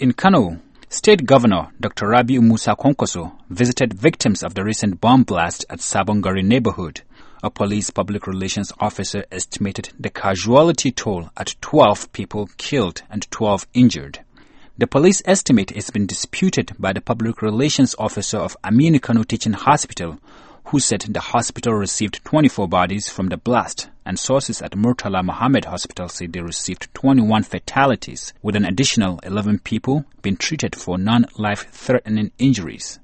In Kano, State Governor Dr. Rabiu Musa Konkoso visited victims of the recent bomb blast at Sabongari neighborhood. A police public relations officer estimated the casualty toll at 12 people killed and 12 injured. The police estimate has been disputed by the public relations officer of Aminu Kano Teaching Hospital, who said the hospital received 24 bodies from the blast, and sources at Murtala Mohammed Hospital say they received 21 fatalities, with an additional 11 people being treated for non-life-threatening injuries.